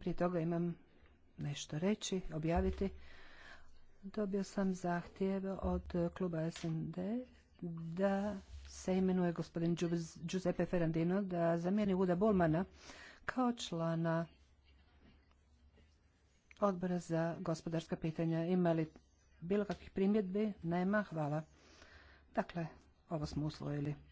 prije toga imam nešto reći, objaviti. Dobio sam zahtjev od kluba SND da se imenuje gospodin Giuseppe Ferrandino da zamijeni Uda Bolmana kao člana odbora za gospodarska pitanja. Ima li bilo kakvih primjedbi? Nema. Hvala. Dakle, ovo smo usvojili.